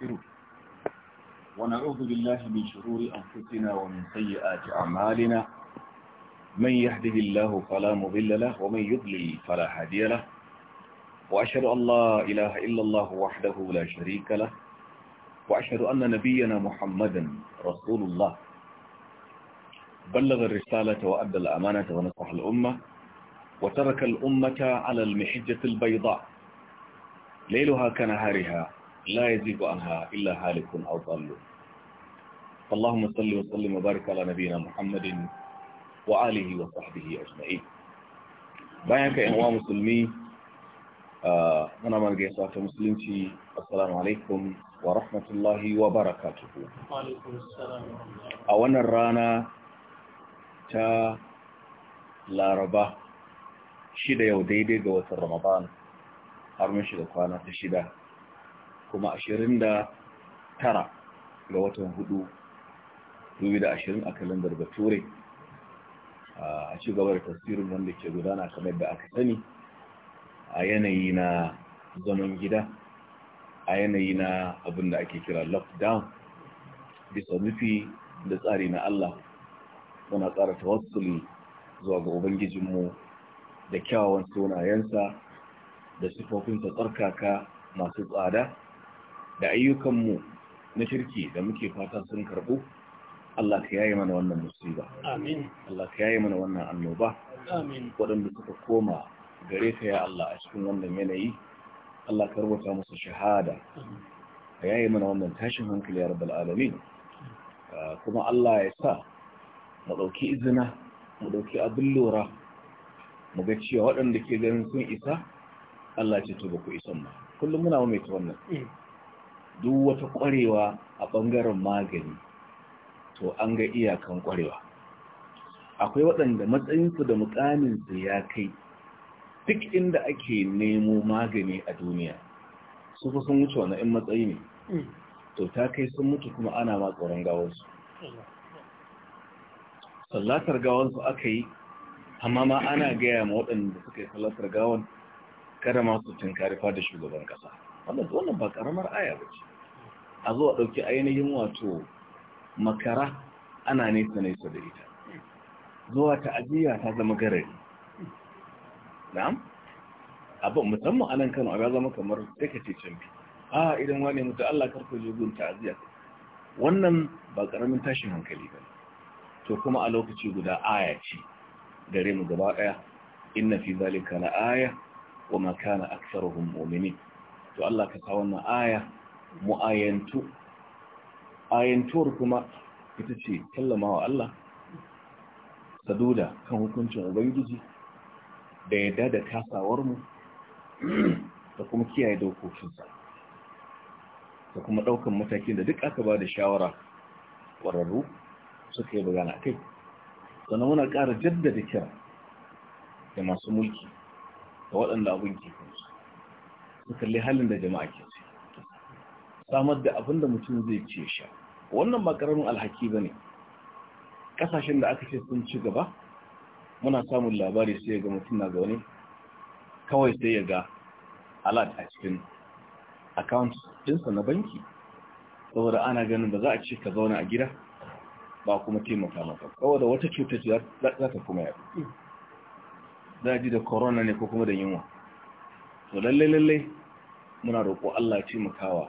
ونستغفره ونعوذ بالله من شرور أنفسنا ومن سيئات أعمالنا من يهده الله فلا مضل له ومن يضلل فلا هادي له وأشهد أن لا إله إلا الله وحده لا شريك له وأشهد أن نبينا محمدا رسول الله بلغ الرسالة وأدى الأمانة ونصح الأمة وترك الأمة على المحجة البيضاء ليلها كنهارها لا يزيد عنها إلا هالك أو ضل اللهم صل وسلم وبارك على نبينا محمد وآله وصحبه أجمعين bayan ka uwa musulmi muna mana gaisuwa ta musulunci assalamu alaikum wa rahmatullahi wa barakatu. a wannan rana ta laraba shida yau daidai ga watan ramadan har mun shiga kwana ta shida kuma 29 ga watan da ashirin a kalandar bature a ci gaba da tasirin wanda ke gudana kamar da aka sani a yanayi na zaman gida a yanayi na abin da ake kira lockdown bisa nufi da tsari na Allah muna tsara tawassuli zuwa ga Ubangijinmu da kyawawan sunayensa da sifofinsa tsarkaka masu tsada da ayyukanmu na shirki da muke fata sun karɓo, Allah ka yaye mana wannan musiba amin Allah ka yaye mana wannan annoba amin waɗanda suka koma gare ka ya Allah a cikin wannan yanayi Allah ka rubuta musu shahada ka yaye mana wannan tashin hankali ya rabbal alamin ah, kuma Allah ya sa mu ɗauki izina mu ɗauki abin lura mu ga cewa waɗanda ke ganin sun isa Allah ce to ba ku isan ba kullum muna mai ta wannan mm. duk wata ƙwarewa a ɓangaren magani to an ga iyakan ƙwarewa akwai waɗanda matsayinsu da su ya kai duk inda ake nemo magani a duniya su fa sun wuce wani matsayi ne mm. to ta kai sun mutu kuma ana ma tsoron gawarsu sallatar gawansu aka yi amma ma ana gaya ma waɗanda suka yi sallatar gawan kada masu tunkari da shugaban ƙasa wannan wannan ba karamar aya ba ce a zo a ɗauki ainihin wato makara ana nesa nesa da ita zuwa ta'aziyya ta zama garari na'am abin musamman anan kano a zama kamar sai canbi a idan wani mutu Allah karfe jogun ta'aziyya wannan ba karamin tashin hankali ba to kuma a lokaci guda aya ce gare mu gaba daya inna fi zalika la aya wa ma kana aktsaruhum mu'minin to Allah ka sa wannan aya mu ayantuwar kuma ita ce wa Allah saduda kan hukuncin ubangiji da yadda da kasawarmu da kuma kiyaye dokokinsa da kuma ɗaukan matakin da duk aka ba da shawara ƙwararru suka yi bagana kai sannan muna ƙara jaddada kira da masu mulki da waɗanda abin ke kansu su kalli halin da jama'a ke ciki samar da abin da mutum zai ce sha wannan ba karamin alhaki ba ne Ƙasashen da aka ce sun ci gaba muna samun labari sai ga mutum na zaune kawai sai ya ga alat a cikin account dinsa na banki saboda ana ganin ba za a ce ka zauna a gida ba kuma taimaka maka saboda wata cutar za ta kuma yaɗu za ji da corona ne ko kuma da yunwa to lallai lallai muna roƙo Allah ya taimakawa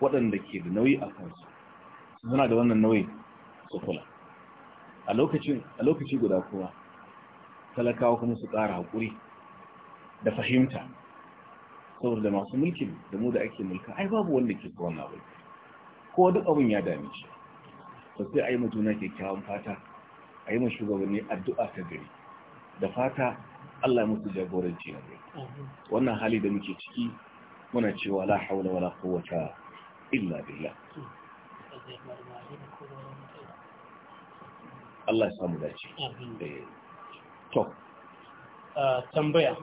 waɗanda ke da nauyi a kansu suna da wannan nauyi su kula a lokaci guda kuma talakawa kuma su ƙara haƙuri da fahimta saboda masu mulkin da mu da ake mulka ai babu wanda ke kowa na bai ko duk abin ya dame shi to sai a yi mutuna kyakkyawan fata a yi shugabanni addu'a ta gari da fata Allah musu jagoranci wannan hali da muke ciki muna cewa la haula wala quwwata illa billah Allah ya samu dace eh. to tambaya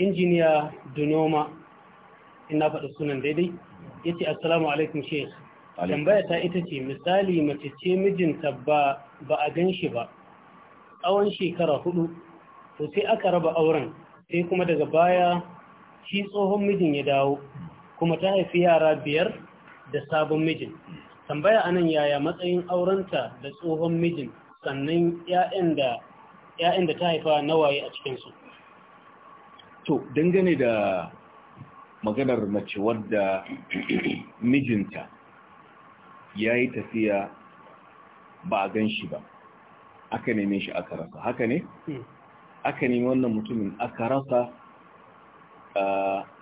injiniya Dunoma ina faɗa sunan daidai yace assalamu alaikum sheikh tambaya ta ita ce misali mace ce mijinta ba ba a gan shi ba tsawon shekara hudu to sai aka raba auren sai kuma daga baya shi tsohon mijin ya dawo kuma ta haifi yara biyar da sabon mijin tambaya anan yaya matsayin aurenta da tsohon mijin sannan 'ya'yan da ta haifa nawaye a cikinsu to dangane da maganar mace wadda mijinta ya yi tafiya ba a gan shi ba aka neme shi aka rasa haka ne hmm. aka nemi wannan mutumin aka rasa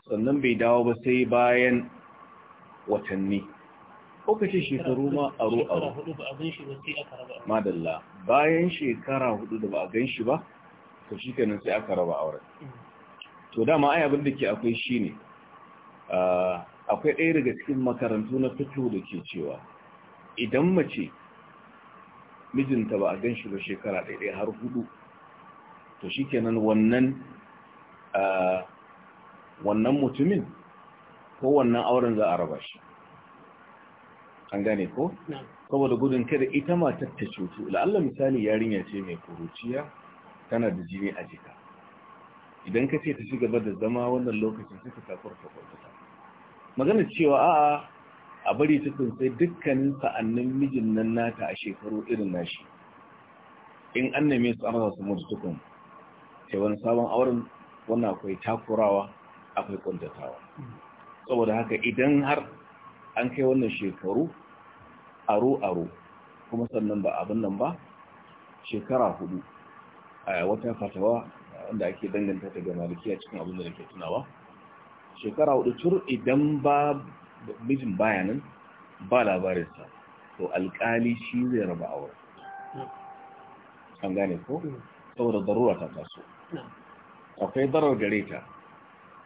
sannan bai dawo ba sai bayan watanni ko ka ce shekaru ma a aro madalla bayan shekara hudu da ba a gan shi ba to shi kanin sai aka raba wurin to dama ai abin da ke akwai shine akwai ɗaya daga cikin makarantu na fito da ke cewa idan mace mijinta ba a gan shi ba shekara ɗaya har hudu to shi kenan wannan wannan mutumin ko wannan auren za a raba shi an gane ko saboda gudun kada ita matar ta cutu la'alla misali yarinya ce mai kuruciya tana da jini a jika idan ka ce ta ci gaba da zama wannan lokacin suka takwar ta kwanta magana cewa a'a a bari ta tsintsai dukkanin sa'annin mijin nan nata a shekaru irin nashi in an neme su amsa su mutu tukun sai wani sabon auren wannan akwai takurawa akwai kuntatawa saboda haka idan har an kai wannan shekaru aro-aro kuma sannan ba abin nan ba shekara hudu a wata fatawa wanda ake danganta daga a cikin abin da ke tunawa shekara hudu tur idan ba mijin bayanin ba labarinsa to alkali shi zai raba auren an gane ko saboda darura ta taso akwai darar gare ta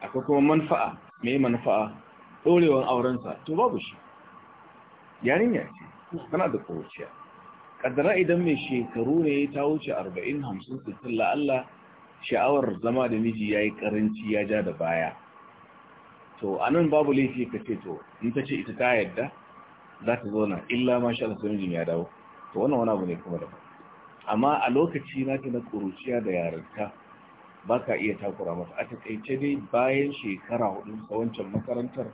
akwai kuma manfa'a mai manfa'a ɗorewar aurensa to babu shi ya ce tana da kowaciya ƙaddara idan mai shekaru ne ta wuce arba'in hamsin sittin la'alla sha'awar zama da miji ya yi ƙaranci ya ja da baya to a nan babu laifi ka ce to in ta ce ita ta yadda za ta zauna illa ma sha da mijin ya dawo to wannan wani abu ne kuma da ba. amma a lokaci na ta na ƙuruciya da yarinta ba ka iya takura mata a takaice dai bayan shekara hudu ta wancan makarantar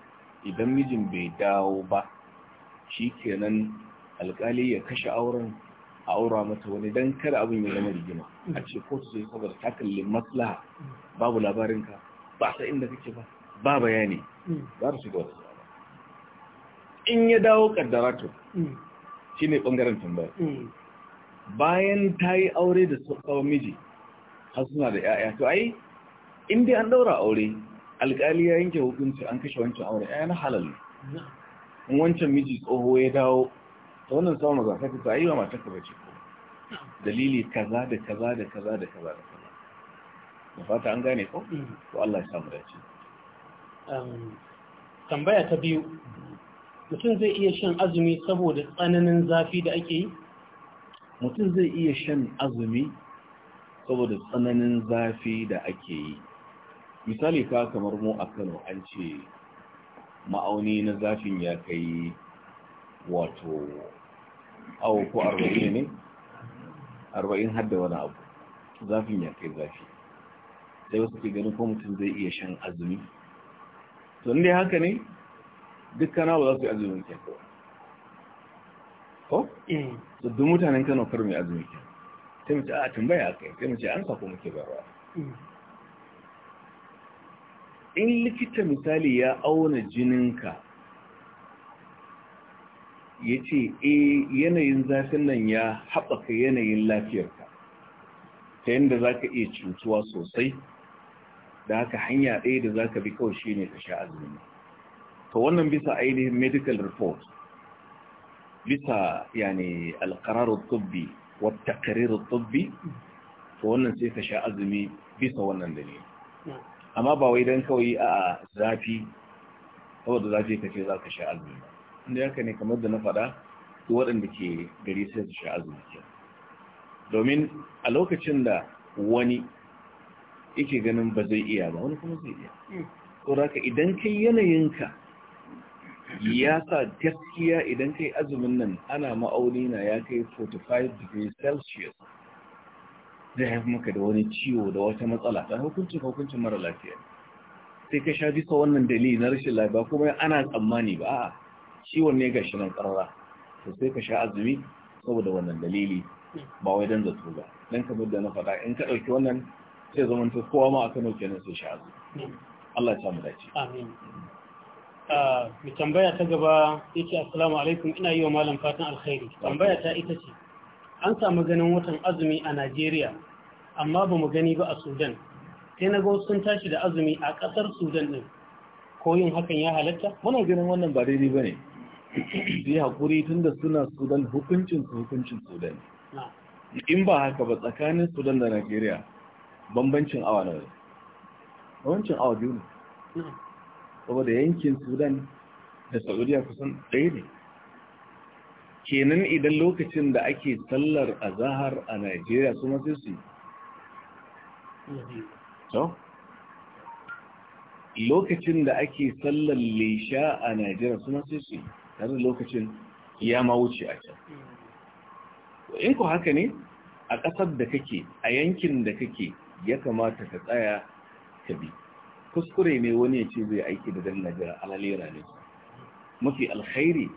idan mijin bai dawo ba shi kenan alkali ya kashe auren a aura mata wani don kada abin ya zama rigima a ce ko kotu zai saboda ta kalli maslaha babu labarinka ba sa inda kake ba ba bayani za su shiga wata in ya dawo to mm. shine bangaren tambaya mm. bayan ta yi aure da tsawon miji har suna da ‘ya'ya to ai in dai an daura aure alƙali ya yanke hukunci an kashe wancan aure ‘ya'ya na halal in wancan miji tsoho ya dawo ta wannan tsawon mazafata ta yi wa ka bace ko dalili kaza da kaza da kaza da kaza da kaza da fata an gane ko ko mm. Allah ya samu dace tambaya ta biyu mutum zai iya shan azumi saboda tsananin zafi da ake yi mutum zai iya shan azumi saboda tsananin zafi da ake yi misali ka kamar mu a kano an ce ma'auni na zafin ya kai wato awo ko arba'in ne arba'in hadda wani abu zafin ya kai zafi sai wasu ke ganin ko mutum zai iya shan azumi to ne haka ne duk kana ba za su yi azumin kyakkyawa ko eh. duk mutanen Kano kar mai azumi ke mace a ah, tambaya kai sai mace an sako muke bayarwa mm. in likita misali ya auna jininka ya ce e yanayin zafin nan ya haɓaka yanayin lafiyarka ta yadda za ka iya cutuwa sosai da haka hanya ɗaya da za ka bi kawai shine ne ka sha azumi to wannan bisa ainihin medical report bisa yani alqararu tubbi wa taqriru tubbi to wannan sai ka sha azumi bisa wannan dalili amma ba wai dan kawai a zafi saboda zafi kace za ka sha azumi ba. inda yanka ne kamar da na faɗa su waɗanda ke gari sai su sha azumi ke. domin a lokacin da wani yake ganin ba zai iya ba wani kuma zai iya hmm. saboda idan kai yanayinka ya sa gaskiya idan kai azumin nan ana ma'auni na ya kai 45 degrees celsius zai haifi maka da wani ciwo da wata matsala ta hukuncin hukuncin mara lafiya sai ka sha bisa wannan dalili na rashin lafiya kuma ana tsammani ba a ciwon ne ga shi nan karara to sai ka sha azumi saboda wannan dalili ba wai don zato ba don kamar da na faɗa in ka ɗauki wannan sai zama ta kowa ma a Kano kenan sai sha azumi hmm. Allah ya samu dace mai tambaya ta gaba ya ce assalamu alaikum ina yi wa malam fatan alkhairi tambaya ta ita ce an samu ganin watan azumi a najeriya amma ba mu gani ba a sudan sai na ga sun tashi da azumi a ƙasar sudan ɗin ko yin hakan ya halatta muna ganin wannan ba daidai ba ne yi haƙuri tun da suna sudan hukuncin su hukuncin sudan in ba haka ba tsakanin sudan da najeriya bambancin awa nawa bambancin awa biyu ne saboda yankin sudan da saudiya kusan ɗaya ne kenan idan lokacin da ake sallar azahar a nigeria su masu su yi lokacin da ake sallar leisha a nigeria su masu su yi tare da lokacin ya ma wuce a can in ku haka ne a ƙasar da kake a yankin da kake ya kamata ka tsaya ka bi kuskure ne wani ya ce zai aiki da dan najira alalera ne mafi alkhairi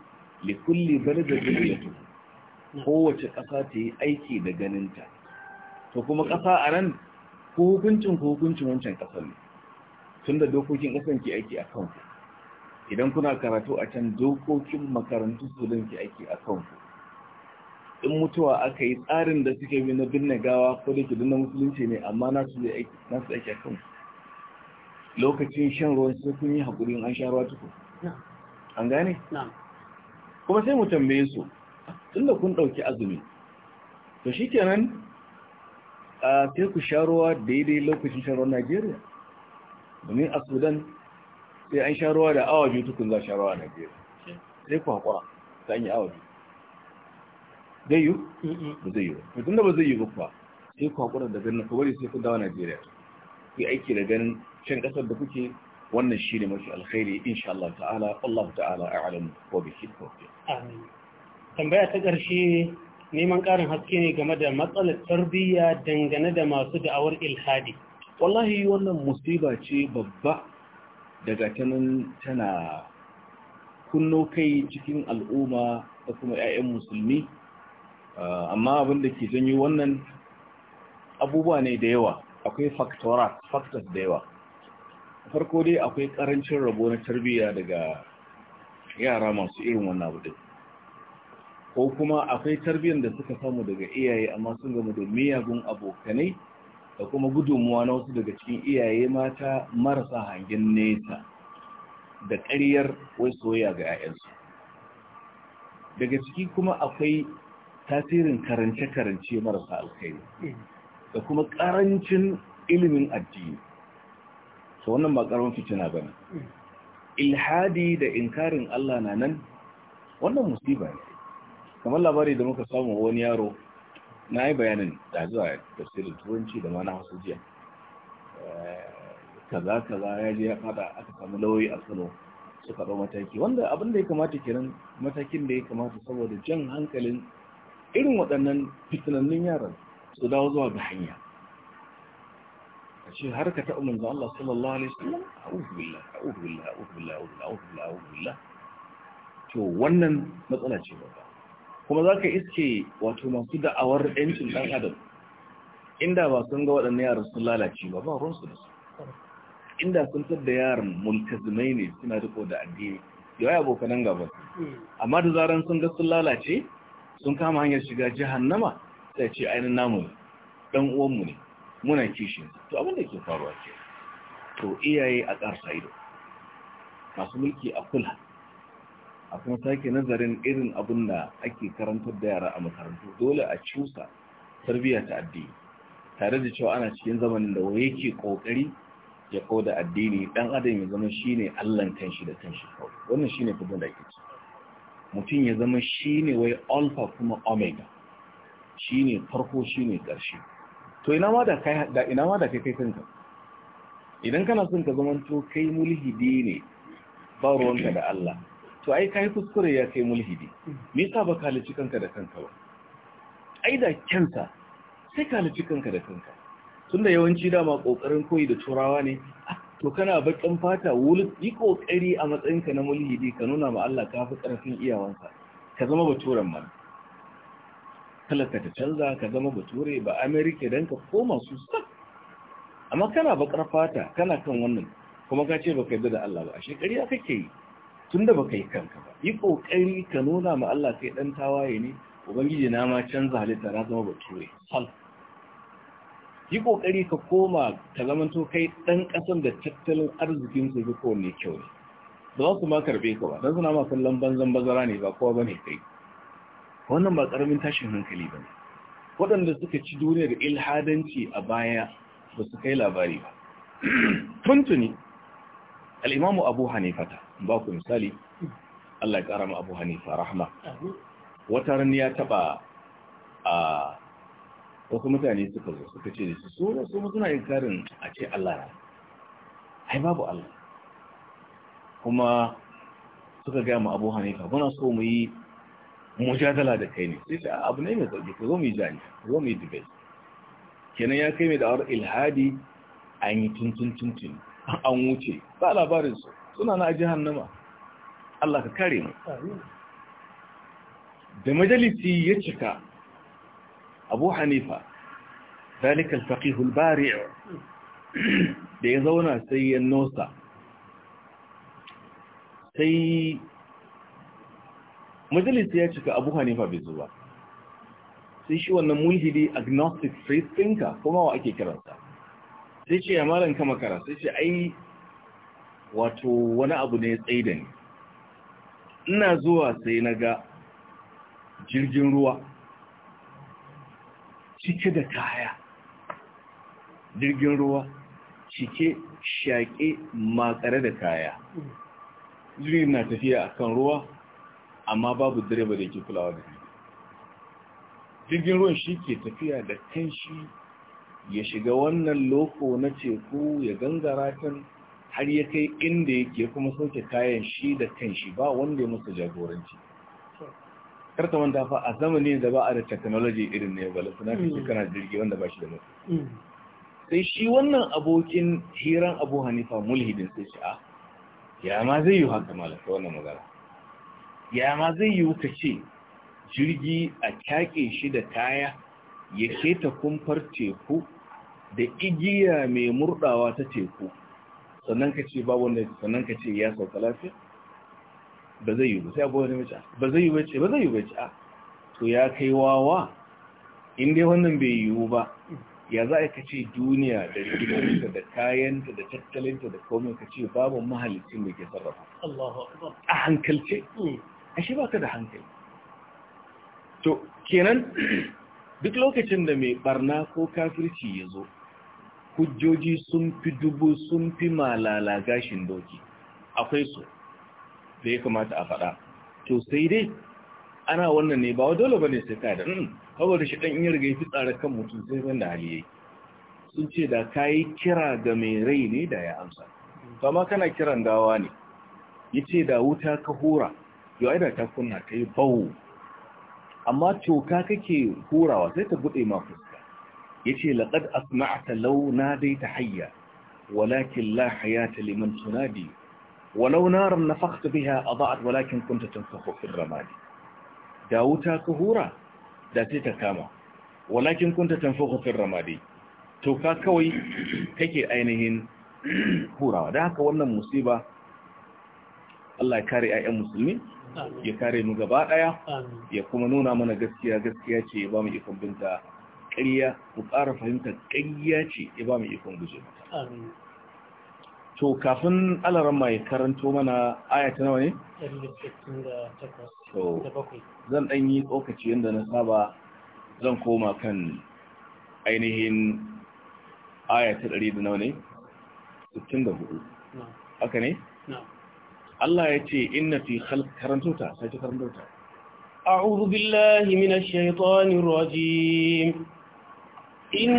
li kulli baladin yatu kowace ƙasa ta yi aiki da ganinta to kuma ƙasa a nan ko hukuncin ko hukuncin wancan ƙasar ne tunda dokokin ƙasar ke aiki a kan ku. idan kuna karatu a can dokokin makarantu su don ke aiki a kan ku. in mutuwa aka yi tsarin da suke bi na binne gawa ko da ke na musulunci ne amma na nasu aiki a kan ku. lokacin shan ruwan sai kun yi hakuri an sha ruwa tuku an gane kuma sai mu tambaye su tunda kun ɗauki azumi to shikenan sai ku sha ruwa daidai lokacin shan ruwan Najeriya domin a Sudan sai an sha ruwa da awa biyu tukun za sha ruwa a Najeriya sai ku haƙura ta an yi awa biyu zai yi? ba zai yi ba tunda ba zai yi ba kuwa sai ku haƙura da ganin kawai sai ku dawa Najeriya ku aiki da ganin can kasar da kuke wannan shi ne mafi alkhairi insha Allah ta'ala Allah ta'ala a'lam wa bihi tawfiq amin tambaya ta ƙarshe neman ƙarin haske ne game da matsalar tarbiyya dangane da masu da'awar ilhadi wallahi wannan musiba ce babba daga tanan tana kunno kai cikin al'umma da kuma 'ya'yan musulmi amma abin da ke janyo wannan abubuwa ne da yawa akwai faktora factors da yawa farko dai akwai karancin rabo na tarbiyya daga yara masu irin wannan abu ko kuma akwai tarbiyyar da suka samu daga iyaye amma sun gama da miyagun abokanai da kuma gudunmuwa na wasu daga cikin iyaye mata marasa hangen nesa da ƙaryar wai soyayya ga 'ya'yansu daga ciki kuma akwai tasirin karance-karance marasa alkhairi da kuma ƙarancin ilimin addini so wannan ba ƙaramin fitina ba ne ilhadi da inkarin Allah na nan wannan musiba ne kamar labari da muka samu wani yaro na yi bayanin da zuwa tafsirin turanci da mana wasu jiya eh, kaza kaza ya je ya fada aka samu lauyi a kano suka ɗau mataki wanda abin da ya kamata kiran matakin da ya kamata saboda jan hankalin irin waɗannan fitinannun yaran su dawo zuwa ga hanya a ce har ka taɓa manzo Allah sallallahu alaihi wasallam a'udhu billahi a'udhu billahi a'udhu billahi a'udhu billahi a'udhu billahi to wannan matsala ce babba kuma zaka iske wato masu da'awar ɗancin dan adam inda ba sun ga waɗannan yaran sun lalace ba ba ruwansu da su inda sun tadda yaran multazimai ne suna riko da addini waya abokan gaba hmm. amma da zaran sun ga sun lalace sun kama hanyar shiga jahannama sai ce ainihin namu ne uwanmu ne muna kishi to abin da ke faruwa ke to iyaye a ƙarsa ido masu mulki a kula a kuma sake nazarin irin abin da ake karantar da yara a makarantu dole a cusa tarbiyya ta addini tare da cewa ana cikin zamanin da waye ke kokari ya da addini dan adam ya zama shine allan kanshi da kanshi kawai wannan shine fitin da ake ci mutum ya zama shine wai alpha kuma omega shine farko shine ƙarshe to ina ma da kai kai kai kanka idan kana son ka zama to kai mulhidi ne ba ruwanka da Allah to ai kai kuskure ya kai mulhidi me yasa ba kalici kanka da kanka ba ai da kyansa sai kalici kanka da kanka tunda yawanci dama kokarin koyi da turawa ne ah, to kana bakin fata wul yi kokari a matsayinka na mulhidi ka nuna ma Allah ka fi karfin iyawanka ka zama baturan mana ka ta canza ka zama bature ba amerika don ka koma su amma kana bakar fata kana kan wannan kuma ka ce baka yadda da Allah ba ashe ƙarya kake yi tunda baka yi kanka ba yi kokari ka nuna ma Allah sai dan tawaye ne ubangiji na ma canza halitta na zama bature sal yi kokari ka koma ka to kai dan kasan da tattalin arzikin su ga kowanne kyau ne ba za su ma karbe ka ba dan suna ma kallon banzan bazara ne ba kowa bane kai wannan ba ƙaramin tashin hankali ba waɗanda suka ci duniya da ilhadanci a baya ba su kai labari ba tuntuni al'imamu abu hanifata ba ku misali Allah ya ƙara ma abu hanifa rahama. wata rani ya taɓa a wasu mutane suka zo suka ce da su sura su suna inkarin a ce Allah na ai babu Allah kuma suka gaya mu Abu Hanifa muna so mu yi mujadala da kai ne sai abu ne mai sauki ka zo mu yi jani ka zo mu yi debate kenan ya kai mai da'awar ilhadi an yi tuntun tuntun an wuce ba labarin su suna na jihar nama Allah ka kare mu da majalisi ya cika abu hanifa ذلك الفقيه البارع da ya zauna sai ya nosa sai majalis ya cika abu hanifa bai zo ba sai shi wannan mulhidi agnostic free thinker kuma wa ake kiransa sai ce ya malan kama kara sai ce ai wato wani abu ne tsaye da ni ina zuwa sai na ga jirgin ruwa cike da kaya jirgin ruwa cike shaƙe makare da kaya jirgin na tafiya akan ruwa amma babu direba da ke kulawa da jirgin ruwan shi ke tafiya da kanshi ya shiga wannan loko na teku ya gangara can har ya kai inda yake kuma soke kayan shi da kanshi ba wanda ya masa jagoranci karka manta fa a zamanin da ba a da technology irin ne ba ka kake kana jirgi wanda ba shi da mutu sai shi wannan abokin hiran abu hanifa mulhidin sai shi a ah, ya zai yi haka malaka wannan magana ya ma zai yi wuka ce jirgi a kyaƙe shi da kaya ya keta kumfar teku da igiya mai murdawa ta teku sannan ka ce babu wanda sannan ka ce ya sauka lafiya ba zai yi ba sai ne mace ah, ba zai yi wuce ba zai yi wuce a ah, to ya kai wawa Inda wannan bai yiwu ba ya za a ce duniya da gidanka da kayanta da tattalinta da komai ka ce babu mahalicin da ke sarrafa a hankalce hmm. ashe ba ka da hankali to kenan duk lokacin da mai barna ko kafirci ya zo hujjoji sun fi dubu sun fi malala gashin doki akwai su da ya kamata a faɗa to sai dai ana wannan ne ba wa dole bane sai ka da hmm, saboda shi dan in riga ya fi tsara kan mutum sai ban da hali sun ce da kayi kira ga mai rai ne da ya amsa to amma kana kiran gawa ne yace da wuta ka hura yau aida ta kunna ta yi bawo amma toka kake hurawa sai ta buɗe ma fuska ya ce laƙad asma'ata launa dai ta hayya walakin la hayata liman tunadi walau naran na fakta biya a ba'ad walakin kunta tun kafofin ramadi da wuta ka hura da sai ta kama walakin kunta tun kafofin ramadi ka kawai kake ainihin hurawa da haka wannan musiba Allah ya kare ayyan musulmi ya kare mu gaba daya ya kuma nuna mana gaskiya gaskiya ce ya ba mu ikon binta ƙarya ku ƙara fahimta ƙarya ce ya ba mu ikon guje to kafin alaran mai karanto mana aya ta nawa ne to zan dan yi tsokaci yadda na saba zan koma kan ainihin aya ta ɗari da nawa ne 64 haka ne الله يتي إن في خلق كرنتوتا سيتي كرنتوتا أعوذ بالله من الشيطان الرجيم إن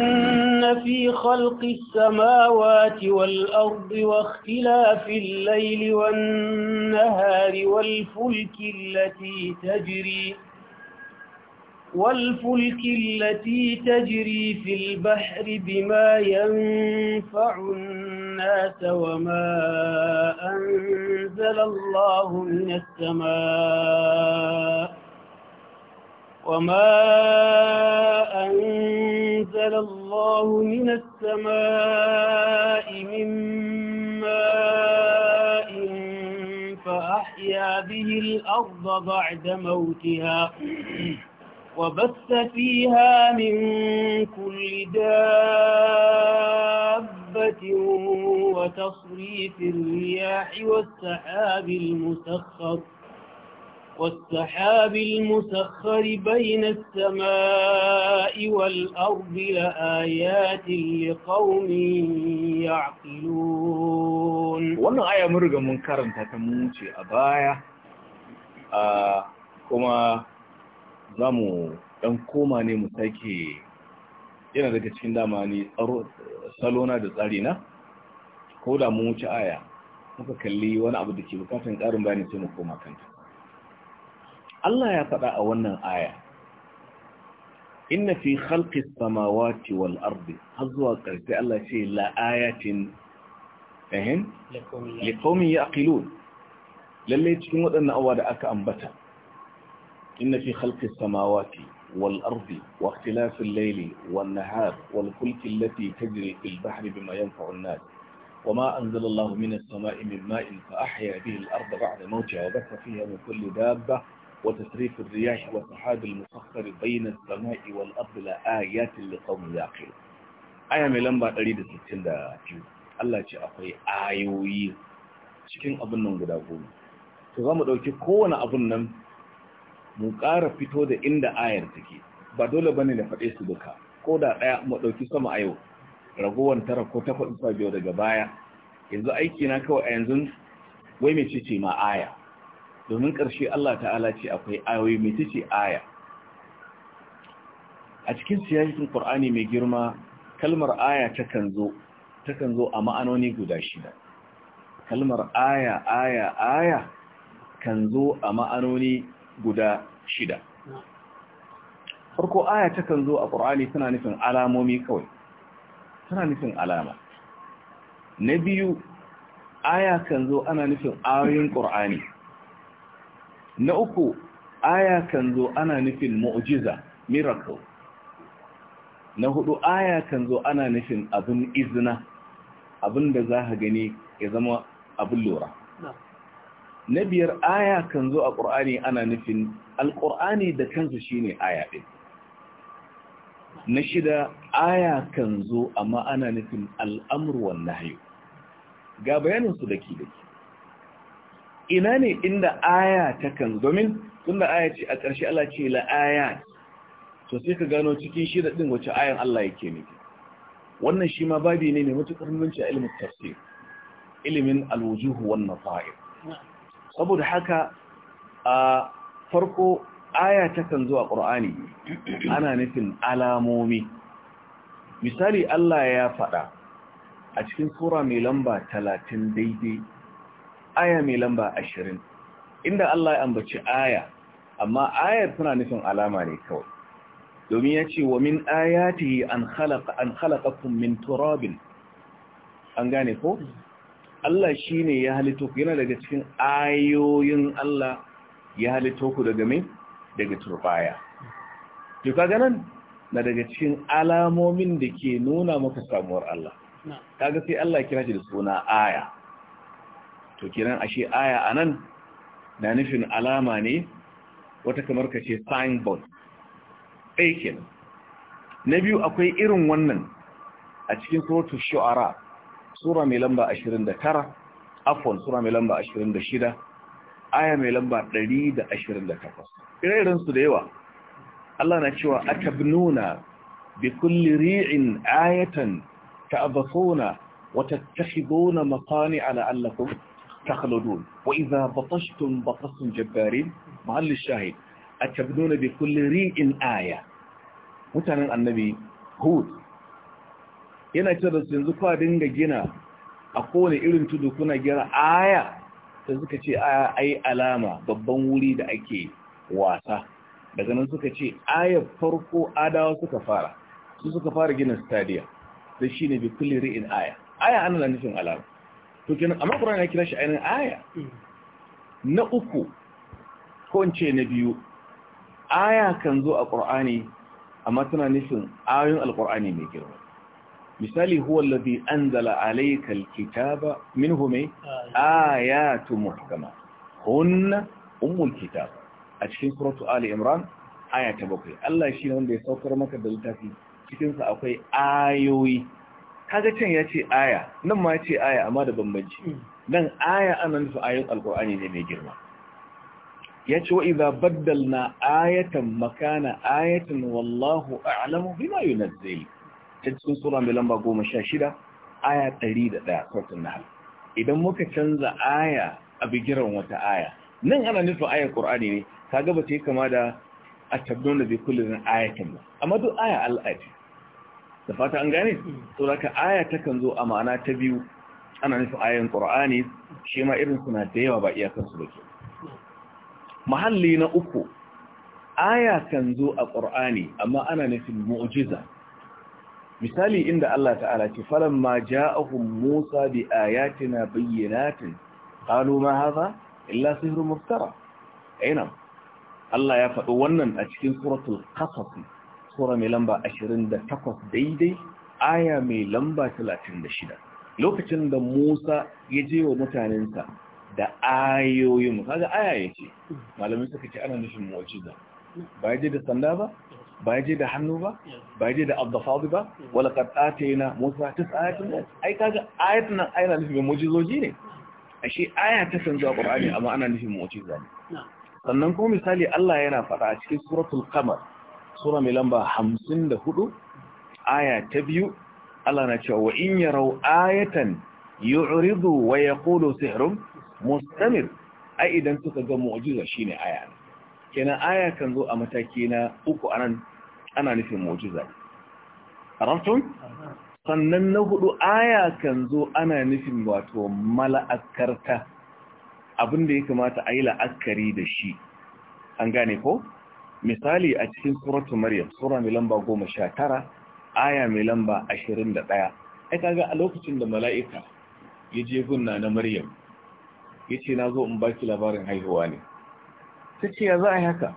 في خلق السماوات والأرض واختلاف الليل والنهار والفلك التي تجري والفلك التي تجري في البحر بما ينفعنا الناس وما أنزل الله من السماء وما أنزل الله من السماء من ماء فأحيا به الأرض بعد موتها وبث فيها من كل داب رأفة وتصريف الرياح والسحاب المسخر والسحاب المسخر بين السماء والأرض لآيات لقوم يعقلون wannan aya mun riga mun karanta ta mun ce a baya kuma zamu dan koma ne mu sake yana daga cikin dama ne salona da Tsarina, ko da mun wuce aya muka kalli wani abu da ke bukatan ƙarin bayanin sai mu koma kanta Allah ya faɗa a wannan aya inna fi khalqis samawati wal ardi har zuwa ƙarshe Allah ce la ayatin ehin liqaumin yaqilun lalle cikin waɗannan awa da aka ambata inna fi khalqis samawati والأرض واختلاف الليل والنهار والفلك التي تجري في البحر بما ينفع الناس وما أنزل الله من السماء من ماء فأحيا به الأرض بعد موتها وبث فيها من كل دابة وتسريف الرياح والسحاب المسخر بين السماء والأرض لآيات لقوم يعقلون aya mai lamba 162 Allah ce akwai ayoyi cikin abin nan guda goma to za mu ɗauki kowane abin nan mu ƙara fito da inda ayar take ba dole bane da faɗe su duka ko da ɗaya mu ɗauki sama a yau ragowar tara ko ta faɗi sa biyu daga baya yanzu aiki na kawai a yanzu wai mai ce ma aya domin ƙarshe Allah ta'ala ce akwai ayoyi mai ce aya a cikin siyasin ƙur'ani mai girma kalmar aya kan zo takan zo a ma'anoni guda shida kalmar aya aya aya kan zo a ma'anoni guda shida farko aya takan zo a ƙur'ani tana nufin alamomi kawai tana nufin alama na biyu aya kan zo ana nufin ayoyin ƙur'ani na uku aya kan zo ana nufin mu'jiza miracle na hudu aya kan zo ana nufin abin izina abin da za gani ya zama abin lura na biyar aya kan zo a ƙur'ani ana nufin alƙur'ani da kansa shine aya ɗin na shida aya kan zo amma ana nufin al'amurwan nahayu ga bayaninsu da ke ina ne inda aya ta kan domin tunda aya ce a ƙarshe Allah ce la aya to sai ka gano cikin shida ɗin wace ayan Allah yake nufi wannan shi ma babi ne ne matuƙar nunci a ilimin tafsir ilimin alwujuhu wannan nasair saboda haka a farko aya takan zuwa ƙur'ani ana nufin alamomi misali Allah ya faɗa a cikin sura mai lamba talatin daidai aya mai lamba ashirin inda Allah ya ambaci aya amma ayar tana nufin alama ne kawai domin ya ce wa min ayatihi an khalaqakum min turabin an gane ko Allah shi ne ya halitto ku yana daga cikin ayoyin Allah ya halitto ku daga mai daga turbaya. Tuka ganin na daga cikin alamomin da ke nuna maka samuwar Allah. Kaga sai Allah kira shi da suna aya. To kiran ashe aya a nan na nufin alama ne wata kamar ka ce signboard. Ɗaya kenan. Na biyu akwai irin wannan a cikin suratul shu'ara sura mai lamba 29 afon sura mai lamba 26 aya mai lamba 128 ire su da yawa Allah na cewa atabnuna bi kulli ri'in ayatan ta'basuna wa tattakhiduna maqani'a la'allakum takhludun wa idha batashtum batastum jabbarin mahall ash-shahid atabnuna bi kulli ri'in aya mutanen annabi hud yana ce da yanzu kwa dinga gina a kowane irin tudu kuna gina aya ta suka ce aya ai alama babban wuri da ake wasa daga nan suka ce aya farko adawa suka fara su suka fara gina stadia da shi ne bi kulle ri'in aya aya ana nufin alama to kenan amma Qur'ani ya kira shi ainihin aya na uku ko ce na biyu aya kan zo a Qur'ani amma tana nufin ayoyin al ne mai girma مثالي هو الذي أنزل عليك الكتاب منهم آية. آيات محكمة هن أم الكتاب أتشين سورة آل إمران آية بقية الله يشين هن دي سوكر مكة دلتاتي كتن سأقوي آيوي هذا كان يأتي آية نما يأتي آية أمار بمج نن آية أنا نفع آية القرآن يجب يجرم يأتي وإذا بدلنا آية مكان آية والله أعلم بما ينزل ta cikin sura mai lamba goma sha shida aya ɗari da ɗaya sautin nahal idan muka canza aya a bigiran wata aya nan ana nufin ayar ƙur'ani ne kaga gaba ta yi kama da a tabbon da zai kullum ayatan ba amma duk aya al'adi da fata an gane to da ka aya takan zo a ma'ana ta biyu ana nufin ayan ƙur'ani shi ma irin suna da yawa ba iyakansu da ke mahalli na uku aya kan zo a ƙur'ani amma ana nufin mu'jiza misali inda Allah ta'ala ce falamma ja'ahum Musa bi ayatina bayyinatin qalu ma hadha illa sihrun muftara aina eh Allah ya faɗo wannan a cikin suratul qasas sura mai lamba 28 daidai aya mai lamba 36 lokacin da Musa ya je wa mutanensa da ayoyin kaga aya ce, malamin suka ce ana nufin mu'jiza ba ya je da sanda ba ba ya je da hannu ba ba ya je da abdafadu ba wala kad atayna musa tis'atun ai kaga ayatun nan ayana nufin mu'jizoji ne ashe aya ta san zuwa qur'ani amma ana nufin mu'jiza ne sannan kuma misali Allah yana faɗa a cikin suratul qamar sura mai lamba 54 aya ta biyu Allah na cewa wa in yarau ayatan yu'ridu wa yaqulu sihrun mustamir ai idan suka ga mu'jiza shine aya kenan aya kan zo a mataki na uku anan ana nufin mu'jiza arantun sannan na hudu aya kan zo ana nufin wato mala'akarta abinda ya kamata a yi la'akari da shi an gane ko misali a cikin suratu maryam sura mai lamba goma sha tara aya mai lamba ashirin da ɗaya ai kaga a lokacin da mala'ika ya je gunna na maryam ya ce na zo in baki labarin haihuwa ne sai ce ya za a yi haka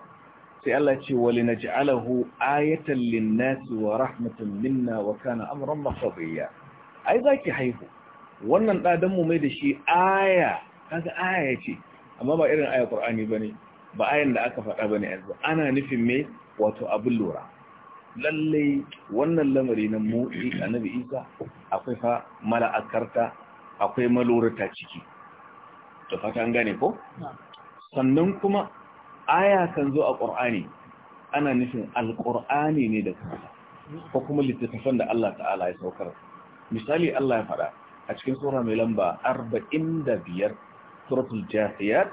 sai Allah ce wali na ji'alahu ayatan linnasi wa rahmatan minna wa kana amran maqdiya ai zaki haihu wannan da dan mu mai da shi aya kaga aya ce amma ba irin aya Qur'ani bane ba ayan da aka faɗa bane yanzu ana nufin me wato abin lura lalle wannan lamari na mu annabi Isa akwai fa mala'akarta akwai malurata ciki to fata an gane ko sannan kuma aya kan zo a ƙur'ani ana nufin alƙur'ani ne da kuma ko kuma littattafan da Allah ta'ala ya saukar misali Allah ya faɗa a cikin sura mai lamba 45 suratul jahiyat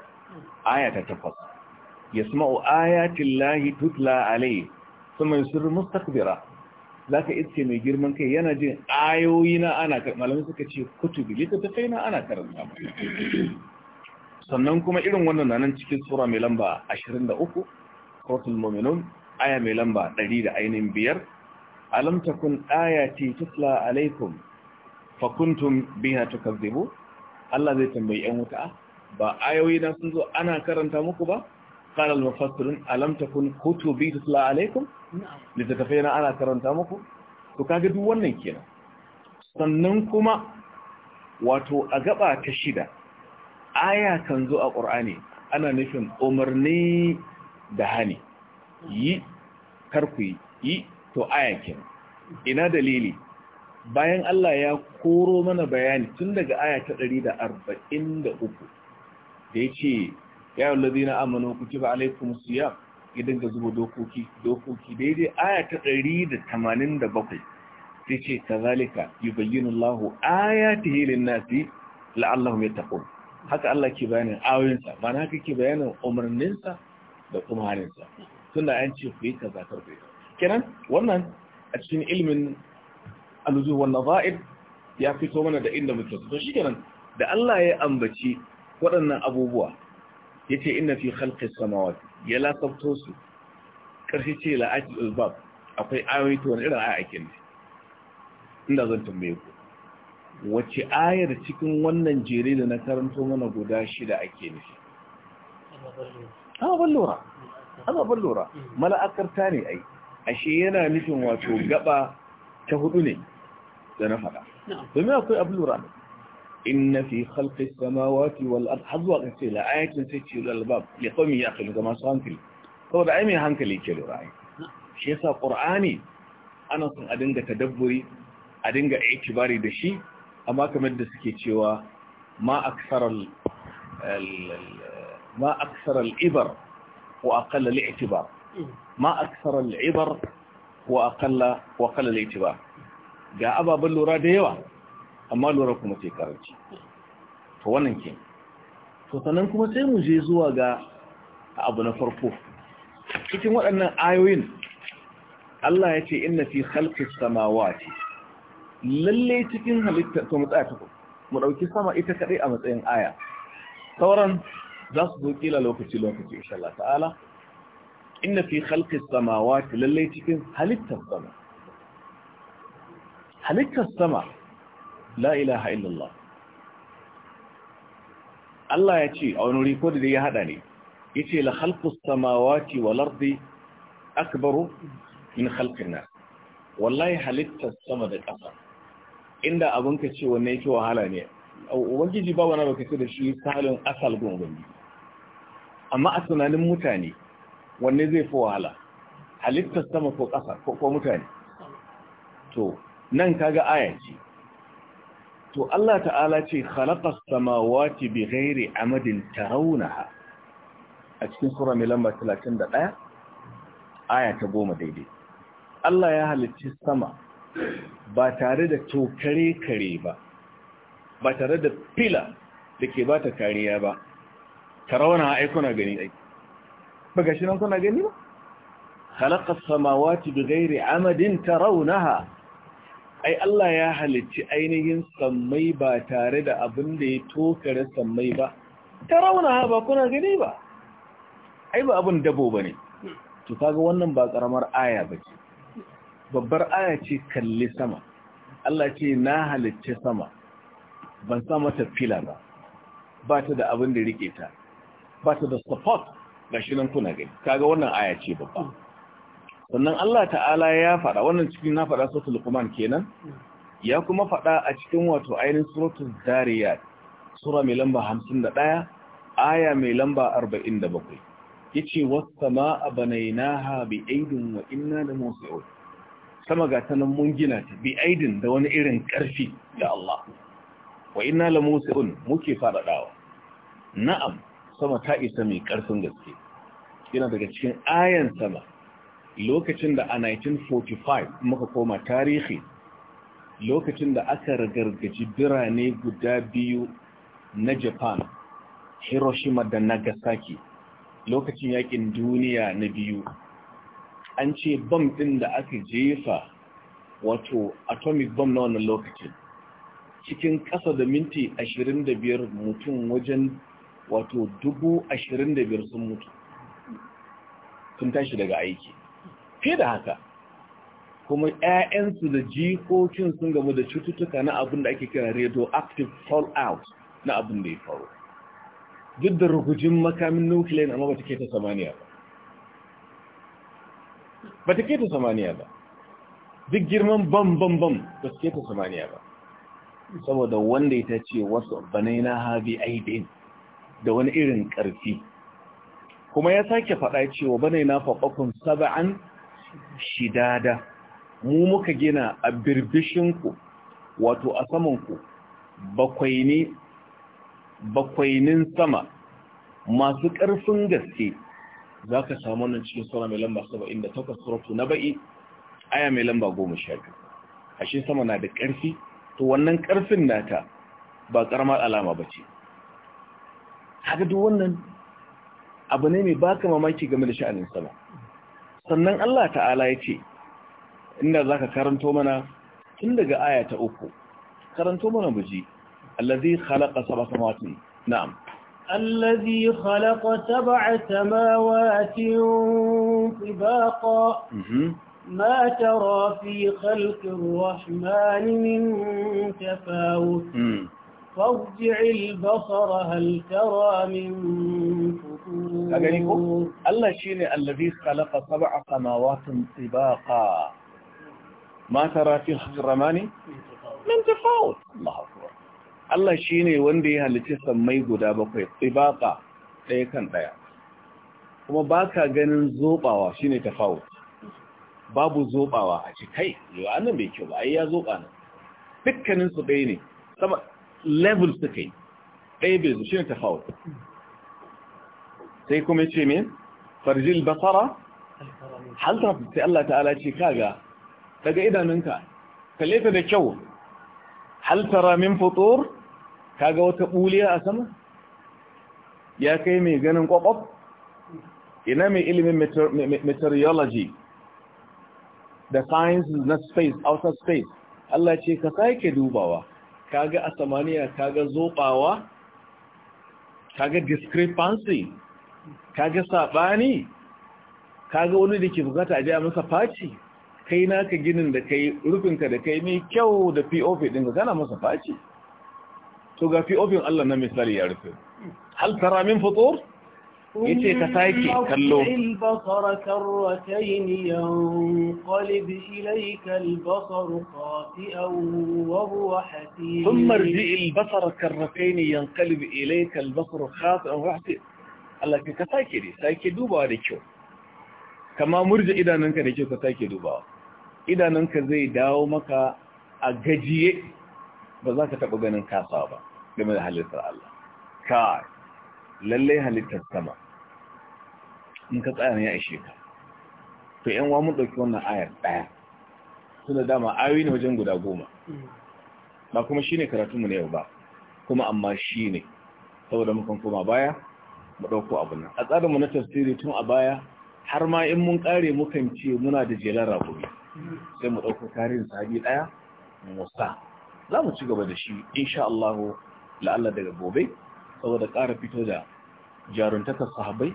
aya ta takwas yasma'u ayatin lahi tutla alayhi sama yusir mustakbira zaka iske mai girman kai yana jin ayoyi na ana malamai suka ce kutubi littattafai na ana karanta sannan kuma irin wannan na nan cikin sura mai lamba 23 kotun mu'minun aya mai lamba 100 da ainihin biyar alam ayati tutla alaikum fa kuntum biha tukazzibu Allah zai tambayi yan wuta ba ayoyi na sun zo ana karanta muku ba qala al mufassirun alam takun tutla alaikum littattafai na ana karanta muku to kaga duk wannan kenan sannan kuma wato a gaba ta shida aya kan zo a ƙur'ani ana nufin umarni da hani yi karku yi to aya ina dalili bayan Allah ya koro mana bayani tun daga aya ta 143 da ya ce ya wallazi na amana alaikum siyam idan ga zuba dokoki dokoki daidai aya ta 187 sai ce kazalika yubayyinu Allahu ayatihi lin-nasi la'allahum yattaqun haka Allah ke bayanin ayoyinsa ba na haka ke bayanin umarninsa da kuma haninsa tunda an ce ku yi kaza karfe kenan wannan a cikin ilimin aluzu wa ya fito mana da inda muke to shikenan da Allah ya ambaci waɗannan abubuwa yace inna fi khalqis samawati ya lasabto su karshe ce la'atul bab akwai ayoyi to wani irin ayakin ne inda zan tambaye ku wace ayar cikin wannan jere da na karanto mana guda shida ake nufi ababen lura ababen lura mala'akarta ne ai ashe yana nufin wato gaba ta hudu ne da na faɗa domin akwai abu lura In na fi khalqi samawati wal ard hazwa kan ce la ayatin sai ce lal bab li qawmi yaqilu kama su hankali saboda ai mai hankali ke lura ai shi yasa qur'ani ana sun a dinga tadabburi a dinga bari da shi amma kamar da suke cewa ma a ƙasarar al’ibar ko a ƙalla la’iti ba mm. ma a ƙasarar al’ibar ko a ƙalla la’iti ba ga ababen lura da yawa amma lura kuma sai karanci to wannan ke to sannan kuma sai mu je zuwa ga abu na farko cikin waɗannan ayoyin Allah ya ce inna fi halkar samawa ce lalle cikin halitta to mu tsaya ta mu dauki sama ita kadai a matsayin aya sauran za su zo kila lokaci lokaci insha Allah ta'ala inna fi khalqi samawati lalle cikin halitta sama halitta sama la ilaha illallah Allah ya ce a wani riko da ya hada ne yace la khalqus samawati wal ardi akbaru min khalqina wallahi halitta sama da ƙasa inda abin ka ce wannan yake wahala ne ubangiji ba wani baka ce da shi salin asal gun ubangiji amma a tunanin mutane wanne zai fi wahala halittar sama ko ƙasa ko mutane to nan kaga aya ce to Allah ta'ala ce khalaqas samawati bighairi amadin tarawunaha a cikin sura mai lamba 31 aya ta 10 daidai Allah ya halicci sama ba tare da tokare kare ba ba tare da fila da ke ba ta kariya ba tarawana a kuna gani aiki. ba gashi nan kuna gani ba halakka samawati gairi amadin tarawunaha ai Allah ya halicci ainihin sammai ba tare da abin da ya tokare sammai ba tarawunaha ba kuna gani ba ai ba abin dabo ba ne. to kaga wannan ba karamar aya ba ce babbar aya ce kalli sama Allah ce na halicce sama ban sa mata fila ba ba ta da abin da rike ta ba ta da support ga shi nan kuna gani kaga wannan aya ce babba sannan Allah ta'ala ya faɗa wannan cikin na faɗa suratul Luqman kenan ya kuma faɗa a cikin wato ainihin suratul Zariyat sura mai lamba 51 aya mai lamba 47 yace wasama abanaynaha bi aidin wa inna lamusli'un sama ga sanan mun gina ta bi aidin da wani irin ƙarfi da Allah wa inna la musiun muke faɗaɗawa na'am sama ta isa mai ƙarfin gaske yana daga cikin ayan sama lokacin da a 1945 muka koma tarihi lokacin da aka ragargaji birane guda biyu na Japan Hiroshima da Nagasaki lokacin yakin duniya na biyu an ce bam ɗin da aka jefa wato atomic bomb na wannan lokacin cikin kasa da minti 25 mutum wajen wato 25 sun mutu sun tashi daga aiki fiye da haka kuma 'ya'yansu da jikokin sun gaba da cututtuka na abin da ake kira radioactive fallout na abin da ya faru duk da rugujin makamin nukiliyar amma ba ta ke ta samaniya ba ba ta keta samaniya ba duk girman bam bam bam ba ta keta samaniya ba saboda wanda ya ce wasu banai na habi aidin da wani irin ƙarfi kuma ya sake faɗa cewa banai na faɓakun saba'an shidada mu muka gina a birbishinku wato a samanku bakwainin sama masu ƙarfin gaske za ka samu wannan cikin sura mai lamba 78 suratu na ba'i aya mai lamba 12 ashe sama na da ƙarfi to wannan ƙarfin nata ba ƙaramar alama ba ce haka duk wannan abu ne mai baka mamaki game da sha'anin sama sannan Allah ta'ala ya ce inda za ka karanto mana tun daga aya ta uku karanto mana buji allazi khalaqa sab'a samawati na'am الذي خلق سبع سماوات طباقا ما ترى في خلق الرحمن من تفاوت فارجع البصر هل ترى من فتور الله شيني الذي خلق سبع سماوات طباقا ما ترى في خلق الرحمن من تفاوت الله أكبر Allah shi ne wanda ya halitta sammai guda bakwai tsibaka ɗaya kan ɗaya kuma ba ka ganin zoɓawa shi ne tafawo babu zoɓawa a ci kai yau nan bai kyau ba ai ya zoɓa nan dukkanin su ɗaya ne sama level su yi. ɗaya bai zo shi ne tafawo sai kuma ce min, farjil basara halta sai Allah ta'ala ce kaga daga idanunka kalle ta da kyau hal tara min futur kaga wata buliya a sama ya kai mai ganin kwakwab ina mai ilimin meteorology da sciences na space outer space Allah ce ka sake dubawa kaga a samaniya kaga zobawa kaga discrepancy kaga sabani kaga wani da ke bukata a masa faci kai ka ginin da kai rufinka da kai mai kyau da pop ka gana masa faci to ga fi ofin Allah na misali ya rufe hal tara min futur yace ka sake kallo al-basara karratayn yanqalib ilayka al-basaru qati'an wa huwa hasib thumma irji al-basara karratayn yanqalib ilayka al-basaru khati'an wa hasib Allah ka sake dai sake dubawa da kyau kama murje idanunka da kyau ka sake dubawa idanunka zai dawo maka a gajiye ba za ka taɓa ganin kasa ba game da halittar Allah ka lalle halittar sama in ka tsaya ne ya ishe ka to yan wa mun dauki wannan ayar daya tunda dama ayoyi ne wajen guda goma ba kuma shine mu na yau ba kuma amma shine saboda mukan koma baya mu dauko abun nan a tsarinmu na tafsiri tun a baya har ma in mun kare mukan ce muna da jelan rakumi sai mu dauko tarihin sahabi daya mu musa za mu ci gaba da shi insha Allah la'alla daga gobe saboda ƙara fito da jaruntakar sahabai,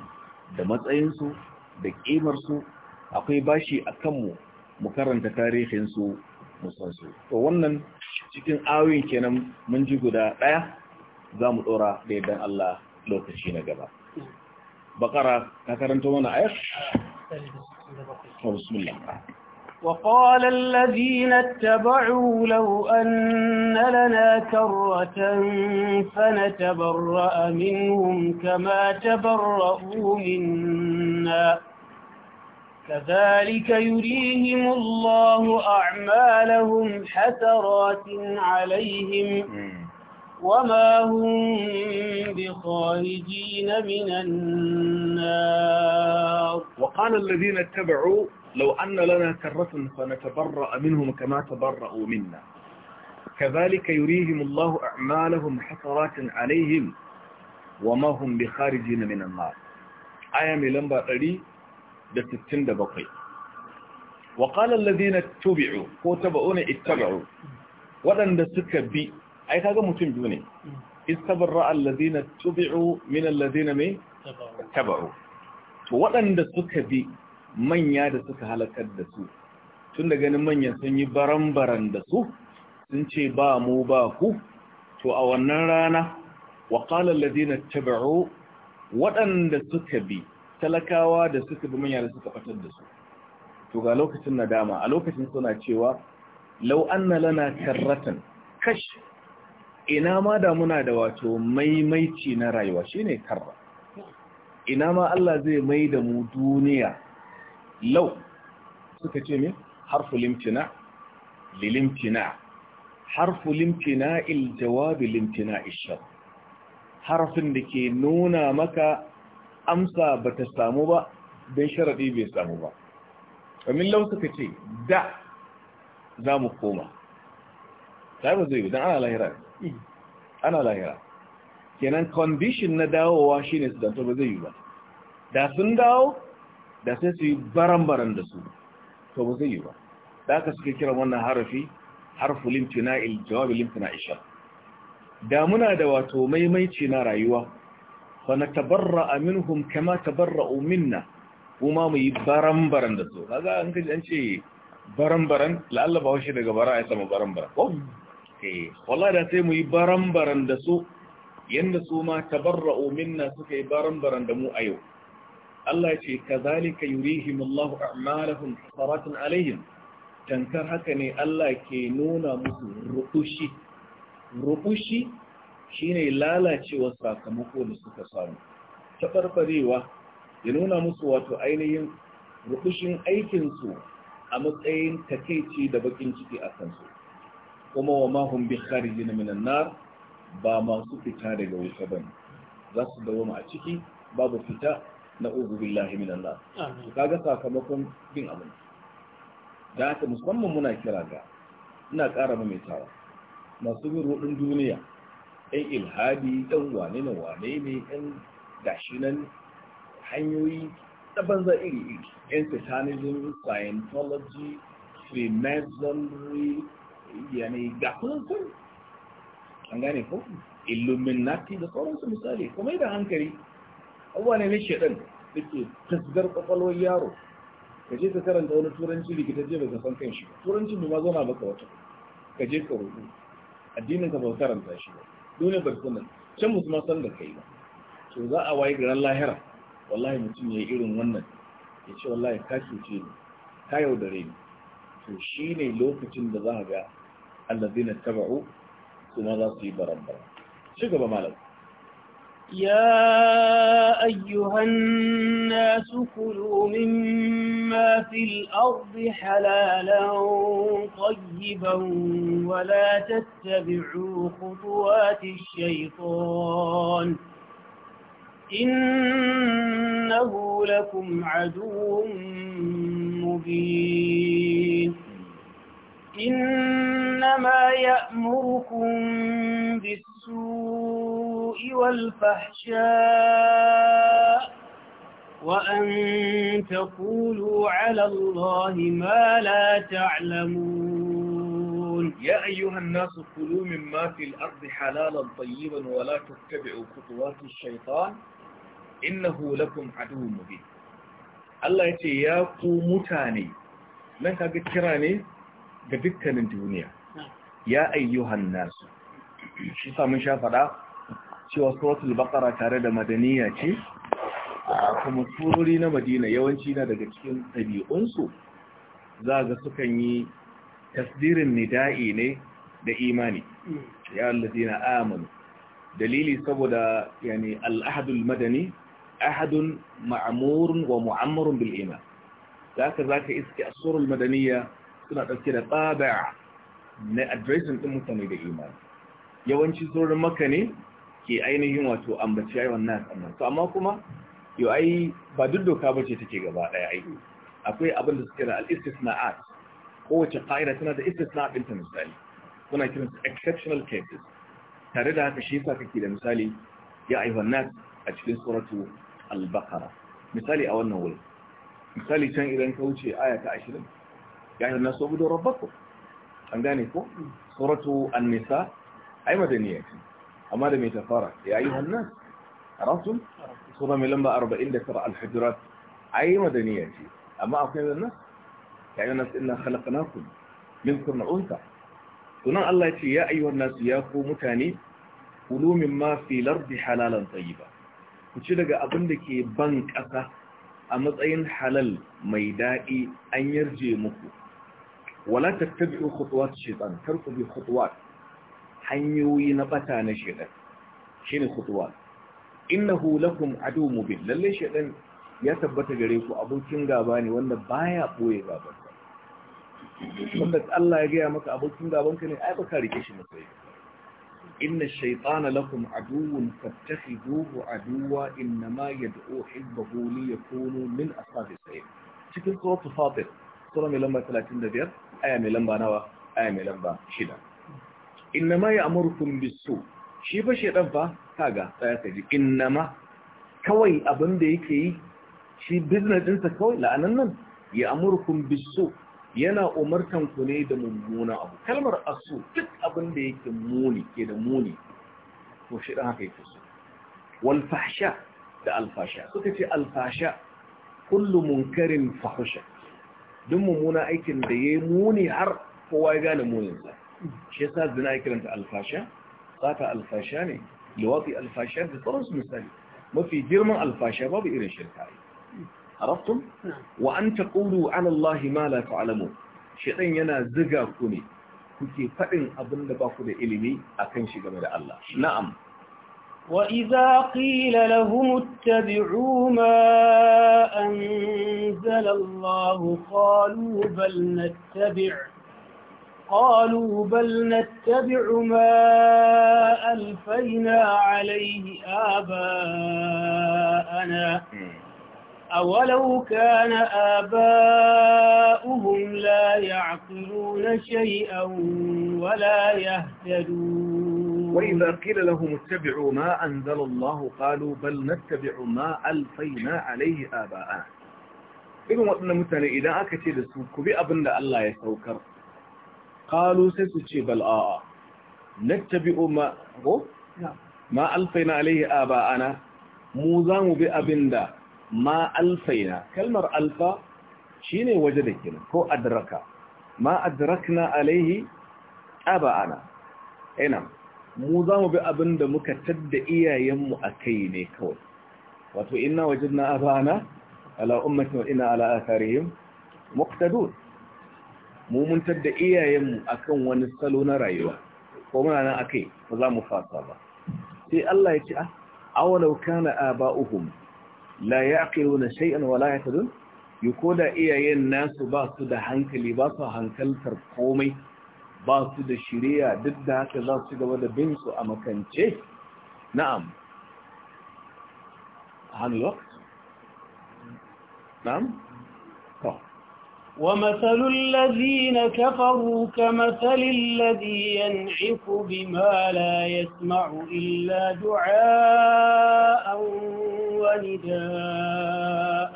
da matsayinsu da ƙimarsu akwai bashi a kanmu mu karanta tarihinsu musansu to wannan cikin awin kenan mun ji guda ɗaya za mu ɗora da yadda Allah lokaci na gaba bakara ka karanta mana ayar? bismillah وقال الذين اتبعوا لو أن لنا كرة فنتبرأ منهم كما تبرأوا منا كذلك يريهم الله أعمالهم حسرات عليهم وما هم بخارجين من النار وقال الذين اتبعوا لو أن لنا كرة فنتبرأ منهم كما تبرأوا منا كذلك يريهم الله أعمالهم حسرات عليهم وما هم بخارجين من النار آية من لنبا قري دبقي وقال الذين اتبعوا تبعون اتبعوا ودن دستك بي أي هذا متن جوني استبرأ الذين اتبعوا من الذين من اتبعوا ودن دستك بي manya da suka halakar da su tun da ganin manyan sun yi baran da su sun ce ba mu ba ku to a wannan rana wa qalan ladina tabi'u waɗanda suka bi talakawa da suka bi manya da suka fatar da su to ga lokacin nadama a lokacin suna cewa lau anna lana karratan kash ina ma da muna da wato maimaici na rayuwa shine karra ina ma Allah zai mai da mu duniya Lau suka ce ne harfu limtina lilimtina harfu limtina il jawabi limtina ishar harfin da ke nuna maka amsa ba ta samu ba don sharaɗi bai samu ba domin lau suka ce da za mu koma ta ba zai don ana lahira ana lahira kenan condition na dawowa shine su zanto ba zai yi ba da sun dawo da sai su yi baran-baran da su to ba zai yi ba da aka suke kiran wannan harafi harfu limtina il jawabi limtina isha da muna da wato maimaici na rayuwa fa na tabarra minhum kama tabarra minna kuma mu yi baran-baran da su kaga an kaji an ce baran-baran la'alla ba washe daga bara ya sama baran-baran ko eh wallahi da sai mu yi baran-baran da su yanda su ma tabarra minna suka yi baran-baran da mu a yau Allah ce kazalika yurihim Allah a'malahum saratun alaihim tankar haka ne Allah ke nuna musu rukushi rukushi shine lalacewa sakamako da suka samu taɓarɓarewa ya nuna musu wato ainihin rukushin aikinsu a matsayin takeici da bakin ciki a kansu kuma wa mahum bi kharijin minan nar ba masu fita daga wuta bane za su dawo a ciki babu fita na uzu billahi min Allah kaga sakamakon bin abin da haka musamman muna kira ga ina ƙara mamaitawa masu bin ruɗin duniya ɗan ilhadi ɗan wane na wane ne ɗan gashinan hanyoyi ta banza iri iri ɗan satanism scientology freemasonry yanayi gafin sun, an gane ko illuminati da sauransu misali kuma da hankali abuwa ne na shaɗan da ke tasgar ƙwaƙwalwar yaro ka je ka karanta wani turanci rikitacce ba ka san kan shi turanci ba ma zauna baka wata ka je ka rubu addinin ka ba karanta shi ba dole ba ka can musu ma san da kai ba to za a wayi garan lahira wallahi mutum ya yi irin wannan ya ce wallahi ka cuce ni ka yaudare ni to shi ne lokacin da za a ga allazina taba'u su ma za su yi barabara ci gaba malam يا أيها الناس كلوا مما في الأرض حلالا طيبا ولا تتبعوا خطوات الشيطان إنه لكم عدو مبين إنما يأمركم بالسوء والفحشاء وأن تقولوا على الله ما لا تعلمون يا أيها الناس كلوا مما في الأرض حلالا طيبا ولا تتبعوا خطوات الشيطان إنه لكم عدو مبين الله يتي يا متاني لن تقدر ga dukkanin duniya ya ayyuhan nasu shi samun sha faɗa cewa suratul baqara tare da madaniya ce kuma turori na madina yawanci na daga cikin ɗabi'unsu za ga sukan yi tasdirin nida'i ne da imani mm. ya allazina amanu dalili saboda yani al-ahadul madani ahadun ma'murun wa mu'ammarun bil iman zaka zaka iske as-surul madaniyya suna ɗauke da tsada na adireshin ɗin mutane da imani yawanci tsoron maka ne ke ainihin wato ambaci yawan wannan sannan to amma kuma yau ai ba duk doka ba ce take gaba ɗaya aiki. akwai abin da suke da al kowace ƙa'ida tana da istisna'at ɗinta misali kuna kiran su exceptional cases tare da haka shi yasa kake da misali ya ayyuhan nas a cikin suratu al-baqara misali a wannan wuri misali can idan ka wuce aya ta 20 ya yi nasu budu rabbaku an gane ko suratu an-nisa ai amma da ya yi hannan rasul sura mai lamba 49 al-hujurat ai madaniya amma akwai wannan ya yi nasu inna khalaqnakum min kunna unta sunan Allah ce ya ayyuhan nasu ya ku mutane kulu mimma fi lardi halalan tayyiba ku ci daga abinda ke ban ƙasa a matsayin halal mai daɗi an yarje muku wala tattabi'u khutuwat shaytan kar ku bi khutuwat hanyoyi na bata na shaytan shine khutuwat innahu lakum adu mubin lalle shaytan ya tabbata gare ku abokin gaba ne wanda baya boye gaban wanda Allah ya gaya maka abokin gaban ka ne ai baka rike shi matsayi inna shaytana lakum aduwwun fattakhiduhu aduwwa inma yad'u hizbahu li yakunu min ashabis sayf cikin suratul fatir sura mai lamba 35 aya mai lamba nawa aya mai lamba shida innama ya amurkum bisu shi fa shedan fa kaga sai ka ji innama kawai abin da yake yi shi business ɗinsa kawai la'anan nan ya amurkum bisu yana umartan ku ne da mummuna abu kalmar asu duk abin da yake muni ke da muni to shi dan haka yake so wal fahsha da al fahsha suka ce al fahsha kullu munkarin fahsha duk mummuna aikin da ya yi muni har kowa ya gane muninsa shi yasa zina ya kiranta alfasha sata alfasha ne liwafi alfasha da sauransu misali mafi girman alfasha babu irin shirka ai arabtum wa an taqulu ala allahi ma la ta'lamun shedan yana ziga ku ne kuke faɗin abin da ba ku da ilimi akan shi game da Allah na'am وإذا قيل لهم اتبعوا ما أنزل الله قالوا بل نتبع قالوا بل نتبع ما ألفينا عليه آباءنا أولو كان آباؤهم لا يعقلون شيئا ولا يهتدون وإذا قيل لهم اتبعوا ما أنزل الله قالوا بل نتبع ما ألفينا عليه آباءنا إذن وإن متنى إذا أكتي لسوك بأبن الله يسوكر قالوا سيسوشي بل آآ نتبع ما ما ألفينا عليه آباءنا موزام بأبن ما ألفينا كلمة ألفا شيني وجدكنا هو أدرك ما أدركنا عليه آباءنا إنام mu za mu bi abin da muka tadda iyayenmu a kai ne kawai wato ina wajen na abana ala ummatin wa ina ala asarihim muqtadun mu mun tadda iyayenmu a kan wani salo na rayuwa ko muna nan a kai? ba za mu fasa ba sai Allah ya ce ah awalau kana aba'uhum la yaqiluna shay'an wa la yahtadun yukoda iyayen nasu ba su da hankali ba su hankaltar komai ba su da shiriya duk da haka za su gaba da bin su a makance na'am hannu na'am to ومثل الذين كفروا كمثل الذي ينعق بما لا يسمع إلا دعاء ونداء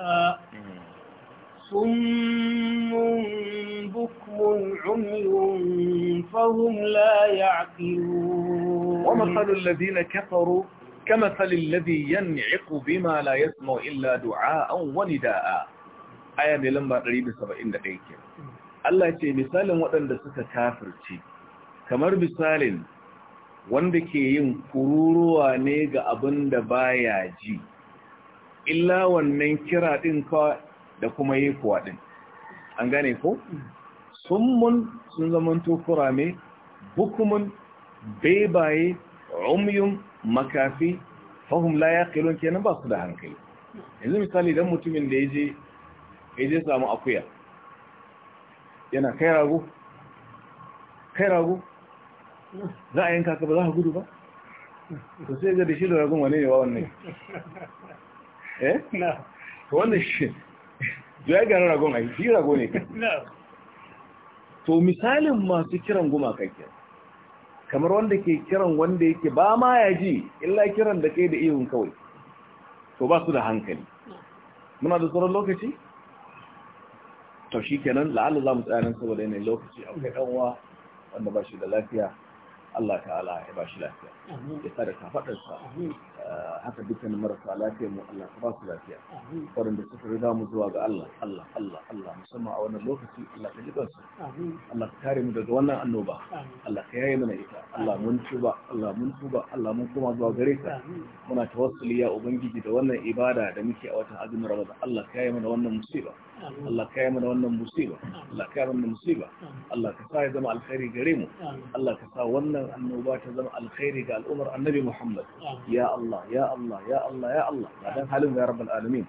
صم عمي فهم لا يعقلون ومثل الذين كفروا كمثل الذي ينعق بما لا يسمع إلا دعاء ونداء آية لما قريب ke. Allah ce misalin waɗanda suka kafirci kamar misalin wanda ke yin kururuwa ne ga abin da baya ji illa wannan kira ɗin ka da kuma yi kuwa ɗin an gane ko summun sun zamanto kurame bukumun bebaye umyun makafi fahim la yaqilun kenan ba su da hankali yanzu misali idan mutumin da ya je samu akuya yana kai rago kai rago za a yanka ka ba za ka gudu ba to sai ga da shi da ragon wane ne wa wannan eh na wannan shi ya gara ragon ai shi rago ne to misalin masu kiran gumaka kenan kamar wanda ke kiran wanda yake ba ma ya ji illa kiran da kai da ihun kawai to ba su da hankali muna da tsoron lokaci to shi kenan la'alla za mu tsayanin saboda yanayin lokaci akwai ɗanwa wanda ba shi da lafiya Allah ta'ala ya ba shi lafiya ya sa da kafaɗarsa eh, haka dukkan marasa lafiya mu Allah ta ba su lafiya waɗanda suka riga mu zuwa ga Allah Allah Allah Allah musamman a wannan lokaci Allah ta jiɓa su Allah ta kare mu daga wannan annoba Allah ka yaye mana ita Allah mun tuba Allah mun tuba Allah mun koma zuwa gare ka muna tawassuli ya ubangiji da wannan ibada da muke a watan azumin Ramadan Allah ka yaye mana wannan musiba الله كامل وانا مصيبة الله كامل وانا مصيبة الله كفاية زمع الخيري قريمه الله كساي وانا النوبات زمع الخيري قال أمر النبي محمد يا الله يا الله يا الله يا الله بعدين حالهم يا رب العالمين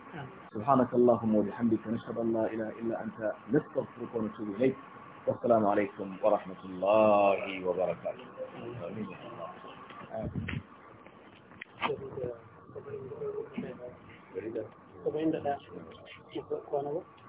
سبحانك اللهم وبحمدك نشهد أن لا إله إلا أنت نستغفرك ونتوب إليك والسلام عليكم ورحمة الله وبركاته Kau ingin